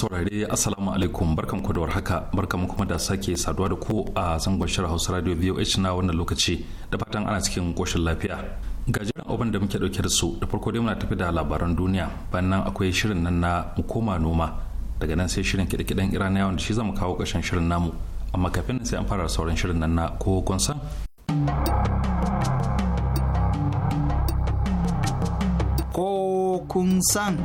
saurare assalamu alaikum barkan ku da warhaka barkan kuma da sake saduwa da ku a zangon shirin Hausa Radio VOH na wannan lokaci da fatan ana cikin koshin lafiya ga jiran abin da muke dauke da su da farko dai muna tafi da labaran duniya bayan nan akwai shirin nan na koma noma daga nan sai shirin kiɗe-kiɗen iraniyawan da shi zama kawo kashen shirin namu amma kafin nan sai an fara sauran shirin nan na ko san ko kun san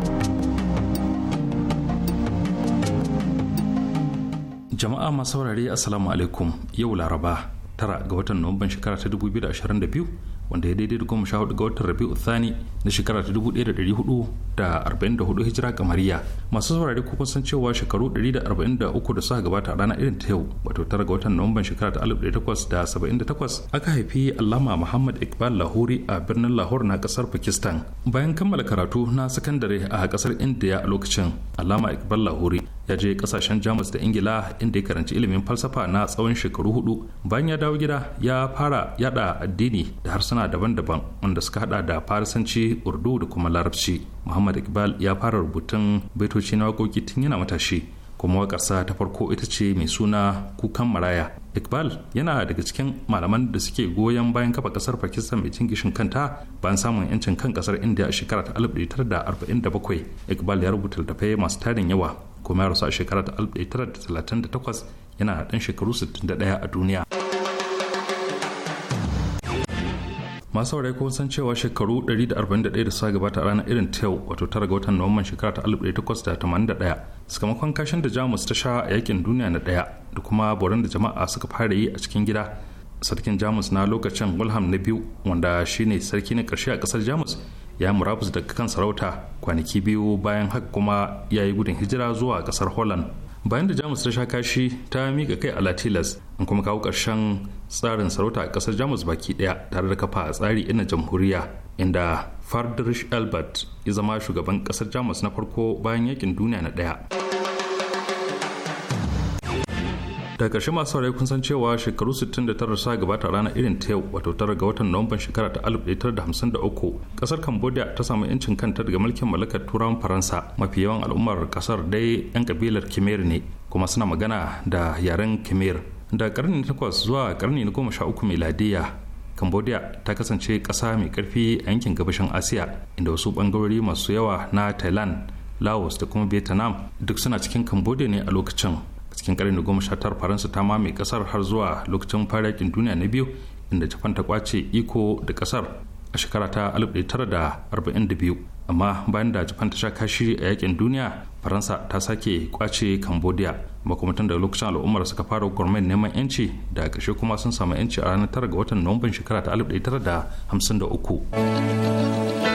jama'a masu saurare assalamu alaikum yau laraba tara ga watan nuwamban shekara ta 2022 wanda ya daidai da goma sha hudu ga watan rabi'u thani na shekara ta 1444 hijira kamariya masu saurari ko san cewa shekaru 143 da suka gabata a ranar irin ta yau wato tara ga watan nuwamban shekara ta 1878 aka haifi alama muhammad iqbal lahori a birnin lahore na kasar pakistan bayan kammala karatu na sakandare a kasar india a lokacin alama iqbal lahori ya je kasashen jamus da ingila inda ya karanci ilimin falsafa na tsawon shekaru hudu bayan ya dawo gida ya fara yada addini da harsuna daban-daban wanda suka hada da farisanci urdu da kuma larabci muhammad iqbal ya fara rubutun baitoci na waƙoƙi tun yana matashi kuma waƙarsa ta farko ita ce mai suna kukan maraya iqbal yana daga cikin malaman da suke goyon bayan kafa ƙasar pakistan mai cin gishin kanta bayan samun yancin kan ƙasar india a shekara ta 1947 iqbal ya rubuta littattafai masu tarin yawa kuma ya rasu a shekara ta 1938 yana ɗan shekaru 61 a duniya. masu saurayi kun san cewa shekaru 141 da suka gabata a ranar irin tau wato tara ga watan nuwamban shekara ta 1881 sakamakon kashin da jamus ta sha a yakin duniya na daya da kuma boron da jama'a suka fara yi a cikin gida sarkin jamus na lokacin wilhelm na biyu wanda shine sarki na karshe a kasar jamus ya murabus daga kan sarauta kwanaki biyu bayan haka kuma ya yi gudun hijira zuwa kasar holland bayan da jamus ta sha kashi ta mika kai a an kuma kawo ƙarshen tsarin sarauta a ƙasar jamus baki ɗaya tare da kafa a tsari ina jamhuriya inda fardrish albert ya zama shugaban ƙasar jamus na farko bayan yakin duniya na ɗaya da ƙarshe masu saurari kun san cewa shekaru 69 sa gabata ranar irin ta yau wato tara ga watan nuwamban shekara ta 1953 kasar cambodia ta samu yancin kanta daga mulkin mallakar turawan faransa mafi yawan al'ummar kasar dai 'yan kabilar khmer ne kuma suna magana da yaren khmer da karni takwas zuwa karni na goma sha uku miladiya cambodia ta kasance ƙasa mai ƙarfi a yankin gabashin asiya inda wasu ɓangarori masu yawa na thailand laos da kuma vietnam duk suna cikin cambodia ne a lokacin a cikin karni goma sha tara faransa ta mame kasar har zuwa lokacin fara yakin duniya na biyu inda japan ta kwace iko da kasar a shekara ta 1942 amma bayan da japan ta sha kashi a yakin duniya faransa ta sake kwace cambodia makamatan da lokacin al'ummar suka fara gwamnati neman yanci da ƙarshe kuma sun samu yanci a ranar tara ga watan nuwamban shekara ta 1953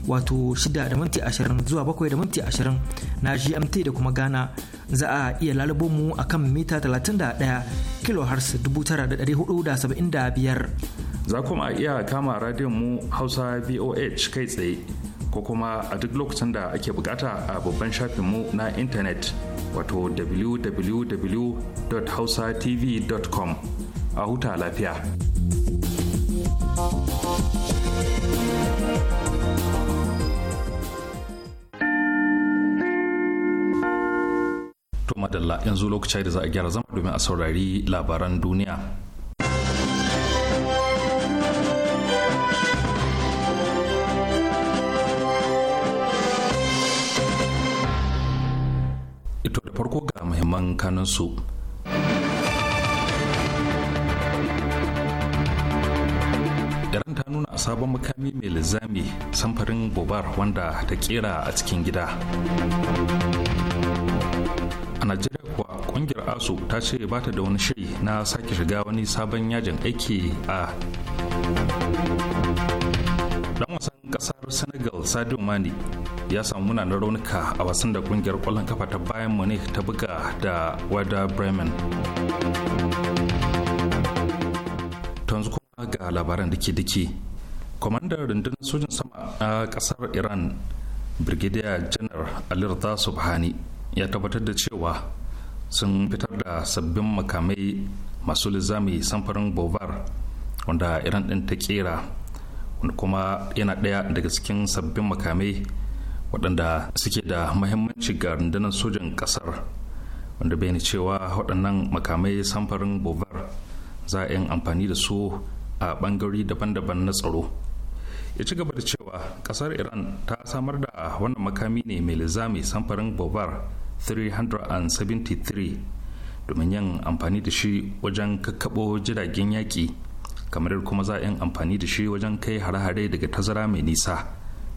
wato 6 da minti 20 zuwa 7 da minti 20 na GMT da kuma Ghana za a iya lalubo mu a kan mita 31 kHz 9475. Za kuma iya kama radiyon mu Hausa boh kai tsaye ko kuma a duk lokacin da ake bukata a babban shafinmu na intanet wato www.hausatv.com a huta lafiya. To madalla yanzu lokaci da za a gyara zama domin a saurari labaran duniya. Ito da farko ga muhimman kanunsu. Iran ta nuna sabon makami mai lizami samfarin bobar wanda ta kera a cikin gida. a najeriya kuwa kungiyar asu ta ce ba ta da wani shiri na sake shiga wani sabon yajin aiki a dan wasan kasar senegal sadio mani ya samu munanan raunuka a wasan da kungiyar kwallon kafa ta bayan munich ta buga da wada bremen kuma ga labaran dake dake kwamandar rundunar sojin sama na kasar iran brigadier janar alirta subhani ya tabbatar da cewa sun fitar da sabbin makamai masu lizami samfarin bovar wanda iran ɗin ta kera wanda kuma yana ɗaya daga cikin sabbin makamai waɗanda suke da mahimmanci ga rundunar sojan ƙasar wanda bayani cewa waɗannan makamai samfarin bovar za a yin amfani da su a ɓangare daban-daban na tsaro ya ci gaba da cewa ƙasar iran ta samar da wannan makami ne mai lizami samfarin bovar 373 domin yin amfani da shi wajen kakkabo jiragen yaƙi kamar kuma za a yin amfani da shi wajen kai hare-hare daga tazara mai nisa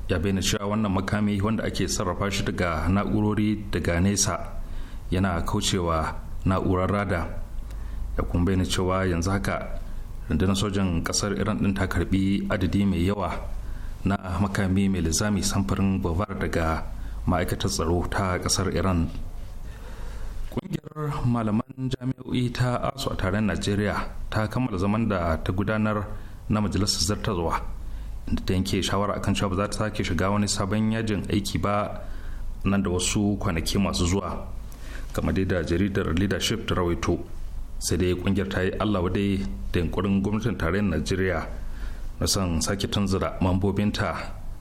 ya bayyana cewa wannan makami wanda ake sarrafa shi daga na'urori daga nesa yana kaucewa na'urar rada ya kuma bayyana cewa yanzu haka rundunar sojan kasar iran din ta karbi adadi mai yawa na makami mai lizami samfurin bavar daga ma'aikatar tsaro ta kasar iran ƙungiyar malaman jami'o'i ta asu a taron najeriya ta kammala zaman da ta gudanar na majalisar zartarwa inda ta yanke shawara akan cewa ba za ta sake shiga wani sabon yajin aiki ba nan da wasu kwanaki masu zuwa kamar dai da jaridar leadership ta rawaito sai dai kungiyar ta yi allah wadai da yankurin gwamnatin tarayyar najeriya na son sake tunzura mambobinta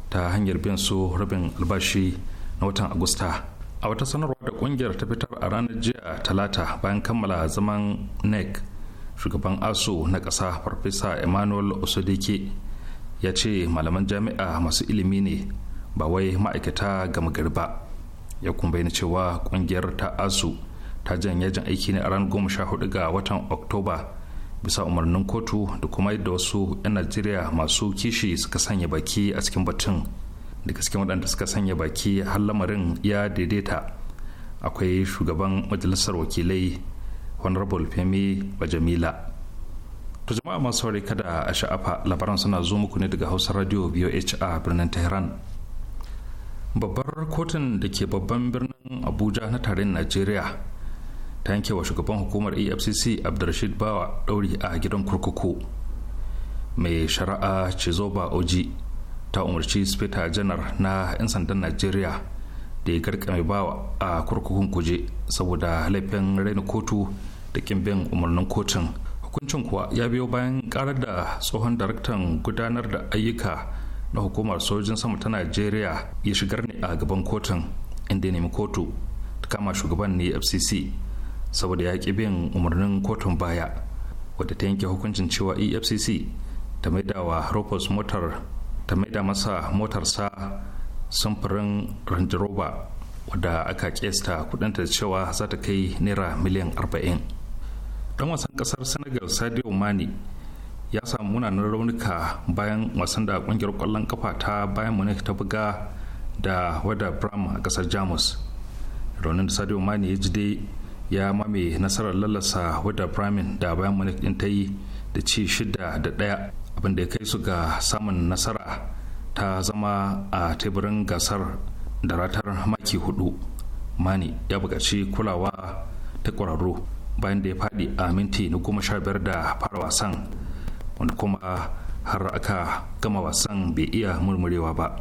ta hanyar bin su rabin albashi na watan agusta a wata sanarwa da kungiyar ta fitar a ranar jiya talata bayan kammala zaman nec shugaban aso na ƙasa farfesa emmanuel osodike ya ce malaman jami'a masu ilimi ne ba wai ma'aikata gamagari ba ya kuma cewa kungiyar ta aso ta janye jan aiki ne a ranar goma sha hudu ga watan oktoba bisa umarnin kotu da kuma yadda wasu 'yan najeriya masu kishi suka sanya baki a cikin batun da gaske waɗanda suka sanya baki har lamarin ya daidaita akwai shugaban majalisar wakilai honorable femi bajamila to jama'a masu wari kada a sha'afa labaran suna zo muku ne daga hausa radio voha a birnin tehran babbar kotun da ke babban birnin abuja na tarayyar najeriya ta yanke wa shugaban hukumar efcc abdulrashid bawa ɗauri a gidan kurkuku mai shari'a cizoba oji ta umarci speta janar na 'yan sandan najeriya da ya garkame ba a kurkukun kuje saboda laifin raina kotu da kin umarnin kotun hukuncin kuwa ya biyo bayan karar da tsohon daraktan gudanar da ayyuka na hukumar sojin sama ta najeriya ya shigar ne a gaban kotun inda ya nemi kotu ta kama shugaban ne fcc saboda ya ƙi bin umarnin kotun baya wadda ta yanke hukuncin cewa efcc ta maida wa motar ta maida masa motarsa samfurin range rover wadda aka kesta kudinta da cewa za ta kai naira miliyan 40 don wasan kasar senegal sadio mani ya samu munanan raunuka bayan wasan da kungiyar kwallon kafa ta bayan munich ta buga da wadda bram a kasar jamus raunin sadio mani ya ji dai ya mame nasarar lallasa wadda bramin da bayan munich din ta yi da ci shida da ɗaya abin da ya kai su ga samun nasara ta zama a teburin gasar da ratar maki hudu mani ya buƙaci kulawa ta ƙwararru bayan da ya faɗi a minti na goma sha biyar da fara wasan wanda kuma har aka gama wasan bai iya murmurewa ba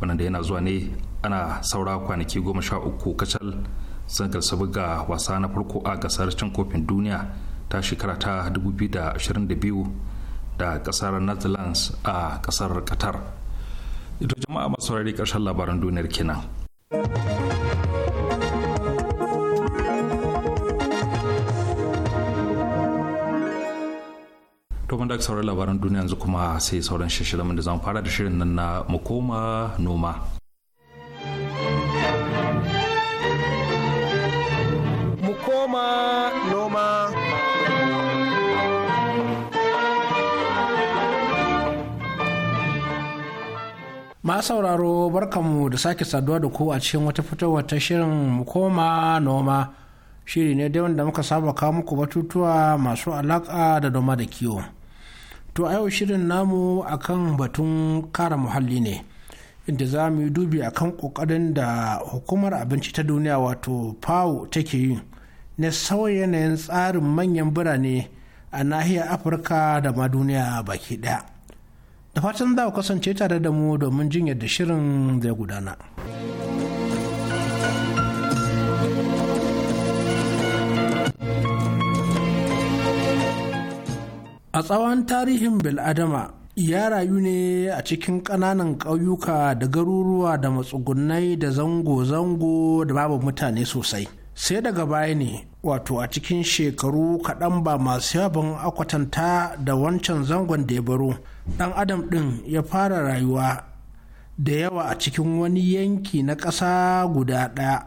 wannan da yana zuwa ne ana saura kwanaki goma sha uku kacal sun gasa buga wasa na farko a gasar cin kofin duniya ta shekara ta 2022 da kasar netherlands a kasar qatar ito jama'a masu saurari karshen labaran duniyar kenan to da sauran labaran duniya yanzu kuma sai sauran shirye-shiryen da zan fara da shirin nan na mukoma noma Ma sauraro barkanmu da sake saduwa da ku a cikin wata fitowar ta shirin koma noma shiri ne dai wanda muka saba kawo muku batutuwa masu alaƙa da noma da kiwo. To a yau shirin namu akan batun kara muhalli ne inda za mu yi dubi akan kokarin da hukumar abinci ta duniya wato FAO take yi na sauya yanayin tsarin manyan birane a nahiyar Afirka da ma duniya baki ɗaya. da fatan za ku kasance tare da mu domin jin yadda shirin zai gudana. A tsawon tarihin Bil'adama ya rayu ne a cikin ƙananan ƙauyuka da garuruwa da matsugunai da zango-zango da babu mutane sosai. Sai daga baya ne wato a cikin shekaru kaɗan ba masu yabon akwatanta da wancan zangon da ya baro ɗan adam ɗin ya fara rayuwa da yawa a cikin wani yanki na ƙasa guda ɗaya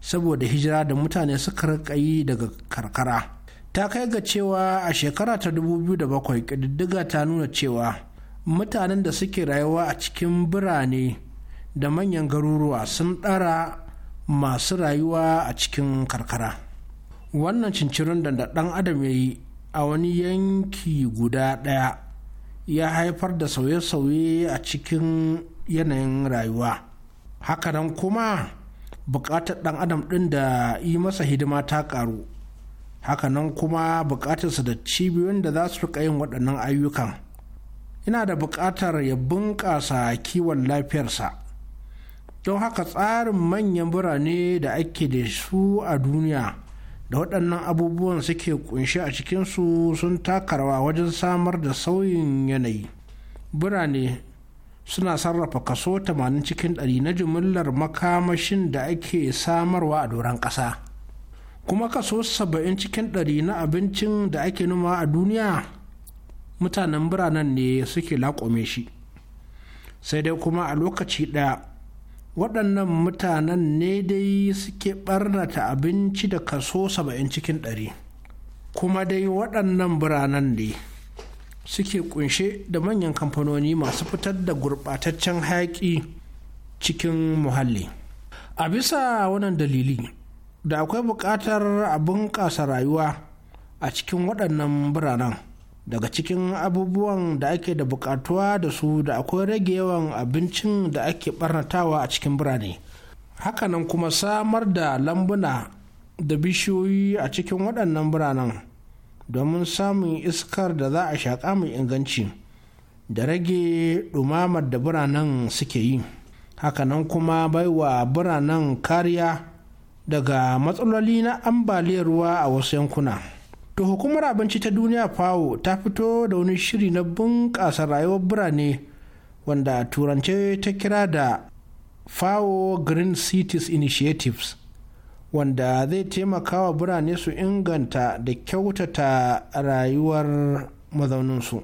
saboda hijira da mutane suka rika yi daga karkara ta kai ga cewa a shekara ta 2007 ƙididdiga ta nuna cewa mutanen da suke rayuwa a cikin birane da manyan garuruwa sun ɗara masu rayuwa a cikin karkara wannan cincirin da ɗan adam ya yi a wani yanki guda ɗaya ya haifar da sauye-sauye a cikin yanayin rayuwa hakanan kuma buƙatar ɗan adam ɗin da yi masa hidima ta ƙaru hakanan kuma buƙatarsa da cibiyoyin da za su riƙa yin waɗannan ayyukan ina da buƙatar ya bunƙasa kiwon lafiyarsa don haka tsarin manyan birane da ake da su a duniya da waɗannan abubuwan suke kunshi a cikinsu sun takarwa wajen samar da sauyin yanayi birane suna sarrafa kaso 80 cikin 100 na jimillar makamashin da ake samarwa a doron ƙasa kuma kaso 70 cikin 100 na abincin da ake numa a duniya mutanen biranen ne suke laƙome shi sai dai kuma a lokaci ɗaya waɗannan mutanen ne dai suke ɓarnata abinci da kaso 70 cikin ɗari, kuma dai waɗannan biranen ne suke kunshe da manyan kamfanoni masu fitar da gurɓataccen hayaƙi cikin muhalli a bisa wannan dalili da akwai buƙatar a bunƙasa rayuwa a cikin waɗannan biranen daga cikin abubuwan da ake da bukatuwa da su da akwai rage yawan abincin da ake barnatawa a cikin birane hakanan kuma samar da lambuna da bishiyoyi a cikin waɗannan biranen domin samun iskar da za a shaƙa mai inganci da rage ɗumamar da biranen suke yi hakanan kuma baiwa biranen kariya daga matsaloli na ambaliyar ruwa a wasu yankuna. to hukumar abinci ta duniya fawo ta fito da wani shiri na bunƙasa rayuwar birane wanda turance ta kira da fawo green cities initiatives wanda zai taimaka wa birane su inganta da kyautata rayuwar mazauninsu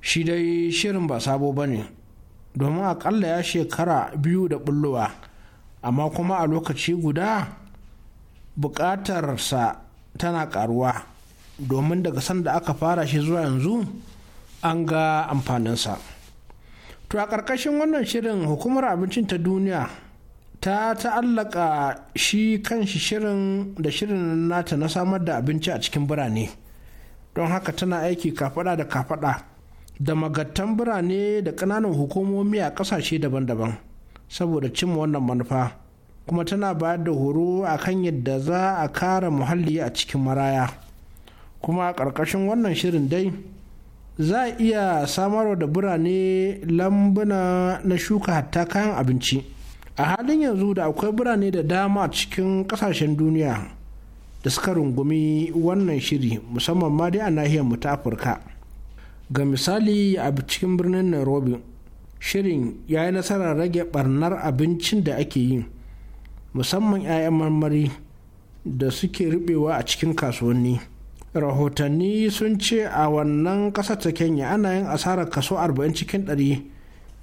shi dai shirin ba sabo ba ne domin akalla ya shekara biyu da bullowa amma kuma a lokaci guda buƙatarsa tana ƙaruwa domin daga sanda aka fara shi zuwa yanzu an ga amfaninsa to a ƙarƙashin wannan shirin hukumar abincin ta duniya ta ta'allaka shi kanshi shirin da shirin nata na samar da abinci a cikin birane don haka tana aiki kafada da kafada da magattan birane da ƙananan hukumomi a ƙasashe daban-daban saboda cimma wannan manufa kuma tana bayar da horo a kan yadda za a kare muhalli a cikin maraya kuma a ƙarƙashin wannan shirin dai za a iya samarwa da birane lambuna na shuka hatta kayan abinci a halin yanzu da akwai birane da dama a cikin ƙasashen duniya da suka rungumi wannan shiri musamman ma dai a nahiyar mu ta afirka ga misali a cikin birnin nairobi shirin ya yi nasarar rage barnar abincin da ake yi musamman 'ya'yan marmari da suke ruɓewa a cikin kasuwanni rahotanni sun ce a wannan kasar ta kenya ana yin asarar kaso 40 cikin 100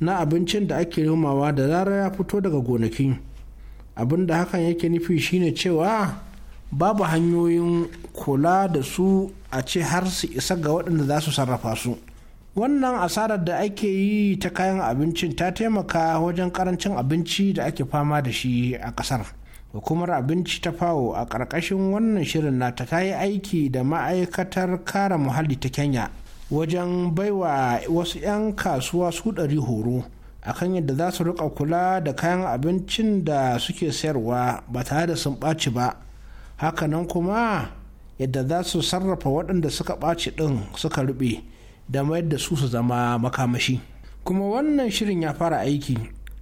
na abincin da ake nomawa da zarar ya fito daga gonaki abin da hakan yake nufi shine cewa babu hanyoyin kula da su a ce har su isa ga waɗanda za su sarrafa su wannan asarar da ake yi ta kayan abincin ta taimaka wajen karancin abinci da ake fama da shi a ƙasar. hukumar abinci ta fawo a ƙarƙashin wannan shirin na ta yi aiki da ma'aikatar kare muhalli ta kenya wajen baiwa wasu 'yan kasuwa su ɗari horo a kan yadda za su rika kula da kayan abincin da suke sayarwa ba tare da sun ɓaci ba hakanan kuma yadda za su sarrafa waɗanda suka ɓaci ɗin suka ruɓe da mayar da su su zama makamashi kuma wannan shirin ya fara aiki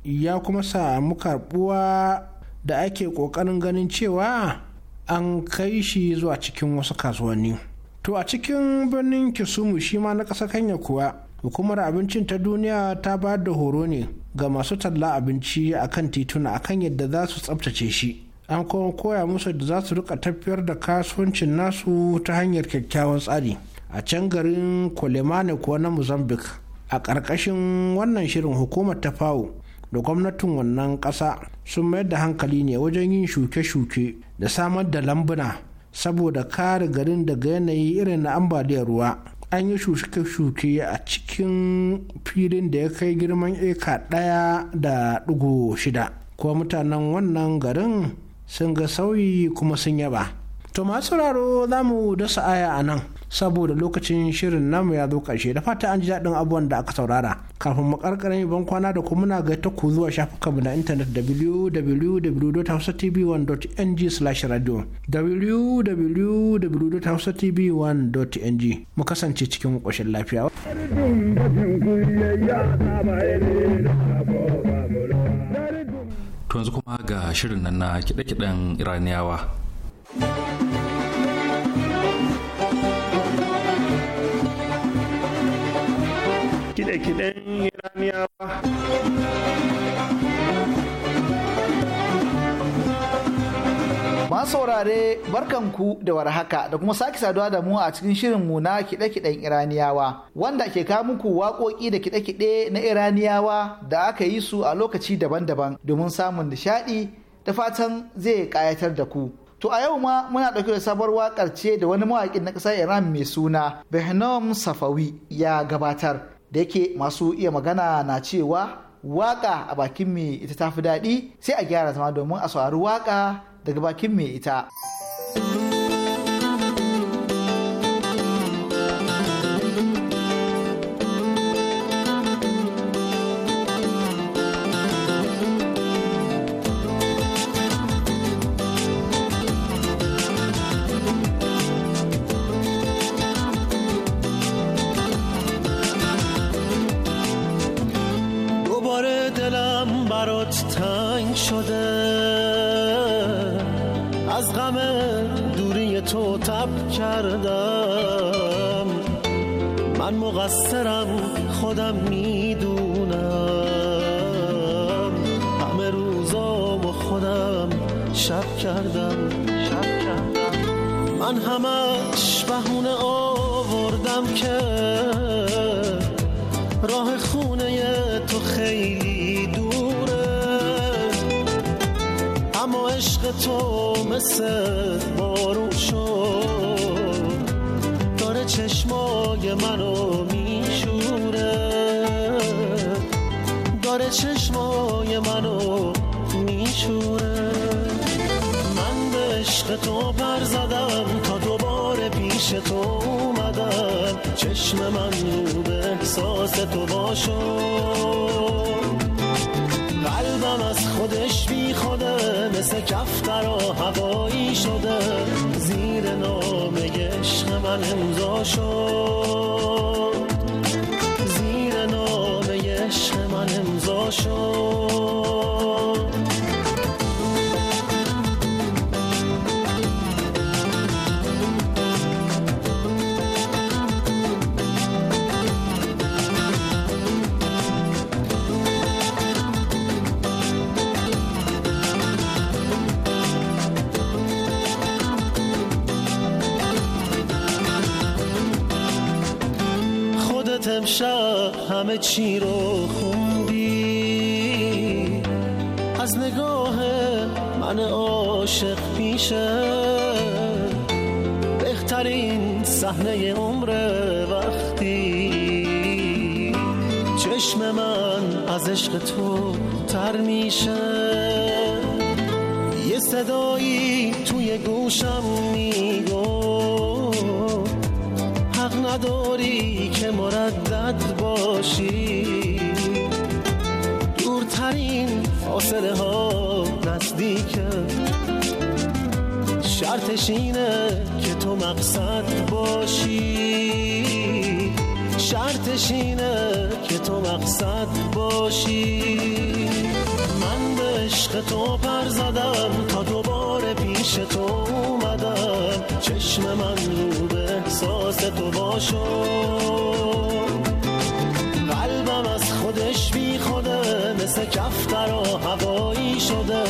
ya kuma samu karɓuwa da ake ƙoƙarin ganin cewa an kai shi zuwa cikin wasu kasuwanni. To a cikin birnin Kisumu shi ma na ƙasar Kenya kuwa hukumar abincin ta duniya ta ba da horo ne ga masu talla abinci a kan tituna a kan yadda za su tsabtace shi. An kuma koya musu da za su rika tafiyar da kasuwancin nasu ta hanyar kyakkyawan tsari. A can garin Kolemane kuwa na Mozambique a ƙarƙashin wannan shirin hukumar ta fawo da gwamnatin wannan ƙasa sun mayar da hankali ne wajen yin shuke-shuke da samar da lambuna saboda kare garin daga yanayi irin na ambaliyar ruwa an yi shuke-shuke a cikin filin da ya kai girman eka ɗaya da ɗigo shida kuma mutanen wannan garin sun ga sauyi kuma sun yaba to masu raro za mu dasa aya a nan saboda lokacin shirin namu ya zo ƙarshe da fata an ji daɗin abubuwan da aka saurara kafin mu ban kwana da kuma na ta ku zuwa shafukanmu na intanet www.hausatv1.ng/radio www.hausatv1.ng mu kasance cikin ƙoshin lafiya. To yanzu kuma ga shirin nan na kiɗe-kiɗen Iraniyawa. kiɗe-kiɗen iraniyawa saurare barkanku da warhaka da kuma sake saduwa da mu a cikin shirinmu na kiɗe-kiɗen iraniyawa wanda ke kawo muku waƙoƙi da kiɗe-kiɗe na iraniyawa da aka yi su a lokaci daban-daban domin samun nishaɗi da fatan zai ƙayatar da ku To a yau ma muna ɗauke da sabuwar waƙar ce da wani mawaƙin na ƙasar Iran mai suna Behnam Safawi ya gabatar. da yake masu iya magana na cewa waka a bakin mai ita ta fi daɗi sai a gyara zama domin a saurari waka daga bakin mai ita. دوباره دلم برات تنگ شده از غم دوری تو تب کردم من مقصرم خودم میدونم همه روزا با خودم شب کردم شب کردم من همش بهونه آوردم که راه خونه تو خیلی دوره اما عشق تو مثل بارو شد داره چشمای منو میشوره داره چشمای منو میشوره من به عشق تو پر زدم تا دوباره پیش تو اومدم چشم من رو احساس تو باشم قلبم از خودش بی خوده مثل کفتر و هوایی شده زیر نام عشق من امضا شد زیر نام عشق من امضا شد همه چی رو خوندی از نگاه من عاشق پیشه بهترین صحنه عمر وقتی چشم من از عشق تو تر میشه یه صدایی توی گوشم میگو نداری که مردد باشی دورترین فاصله ها نزدیک شرطش اینه که تو مقصد باشی شرطش اینه که تو مقصد باشی من به عشق تو پر زدم تا دوباره پیش تو اومدم چشم من رو به احساس تو باشو قلبم از خودش بی خوده مثل کفتر و هوایی شده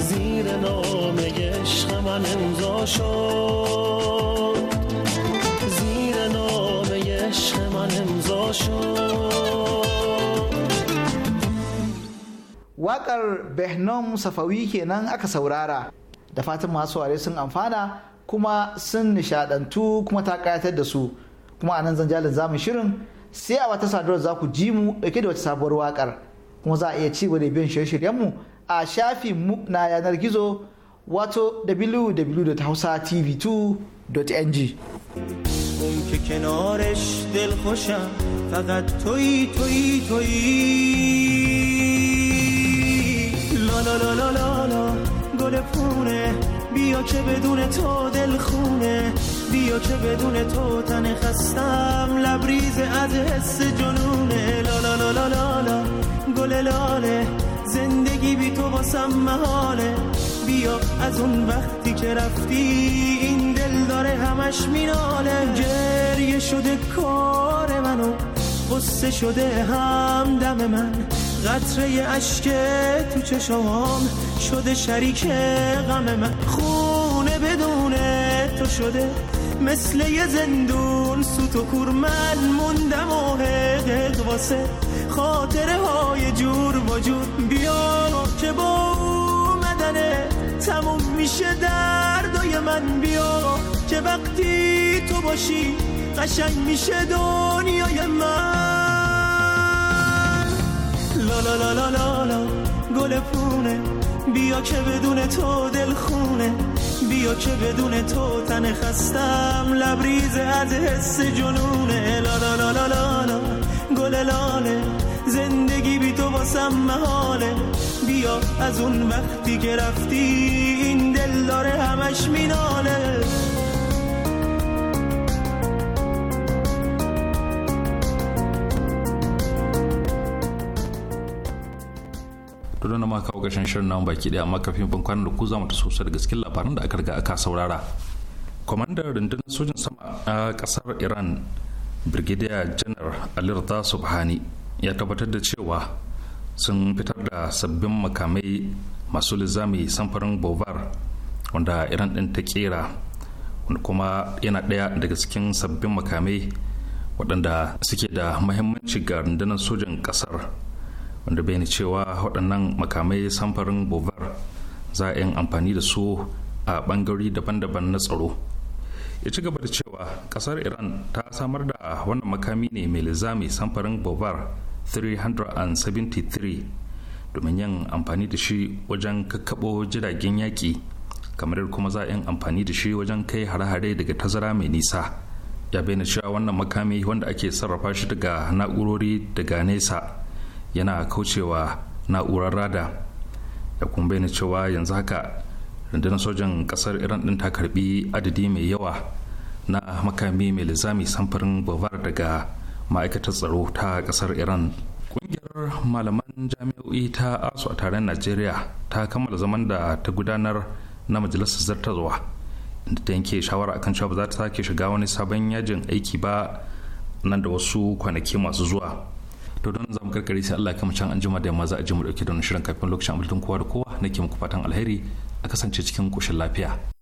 زیر نام عشق من امضا شد زیر نام عشق من امضا شد Wakar behnam safawi kenan aka saurara da fatan masu ware sun amfana kuma sun nishadantu kuma ta kayatar da su kuma a nan zanjalin zamu shirin sai a wata saduwar za ku ji mu dauke da wata sabuwar wakar kuma za a iya ci da biyan shirye mu a shafin mu na yanar gizo wato www.hausatv2.ng اون که کنارش دل خوشم فقط توی توی توی لا لا لا لا, لا گل پونه بیا که بدون تو دل خونه بیا که بدون تو تن خستم لبریز از حس جنونه لا لا لا لا لا, گل لاله زندگی بی تو واسم محاله بیا از اون وقتی که رفتی این دل داره همش میناله گریه شده کار منو قصه شده هم دم من قطره اشک تو چشام شده شریک غم من خونه بدون تو شده مثل یه زندون سوت و کور من موندم و واسه خاطره های جور وجود بیا که با اومدنه تموم میشه دردای من بیا که وقتی تو باشی قشنگ میشه دنیای من لا لا لا گل پونه بیا که بدون تو دل خونه بیا که بدون تو تن خستم لبریز از حس جنونه لا لا لا گل لاله زندگی بی تو واسم محاله بیا از اون وقتی که رفتی این دل داره همش میناله kawo gashin shirin nan baki daya amma kafin bin kwanan da ku za mu ta sosai da gaske labaran da aka riga aka saurara kwamandar rundunar sojin sama a kasar iran brigadier janar alirta subhani ya tabbatar da cewa sun fitar da sabbin makamai masu lizami samfarin bovar wanda iran din ta kera wanda kuma yana ɗaya daga cikin sabbin makamai waɗanda suke da mahimmanci ga rundunar sojan ƙasar wanda bayani cewa waɗannan makamai samfarin bovar za a yin amfani da su a bangare daban-daban na tsaro ya ci gaba da cewa ƙasar iran ta samar da wannan makami ne mai lizami samfarin bovar 373 domin yin amfani da shi wajen kakkaɓo jiragen yaƙi kamar kuma za a yin amfani da shi wajen kai hare-hare daga tazara mai nisa ya bayyana cewa wannan makami wanda ake sarrafa shi daga na'urori daga nesa yana kaucewa na'urar rada da kuma bayyana cewa yanzu haka rundunar sojan kasar iran din ta karbi adadi mai yawa na makami mai lizami samfurin bavar daga ma'aikatar tsaro ta kasar iran ƙungiyar malaman jami'o'i ta asu a taron najeriya ta kammala zaman da ta gudanar na majalisar zartarwa inda ta yanke shawara akan cewa ba za ta sake shiga wani sabon yajin aiki ba nan da wasu kwanaki masu zuwa to don zamu karkare sai Allah kuma can anjima da yamma za a ji mu dauke da wani shirin kafin lokacin abudin kowa da kowa nake muku fatan alheri a kasance cikin koshin lafiya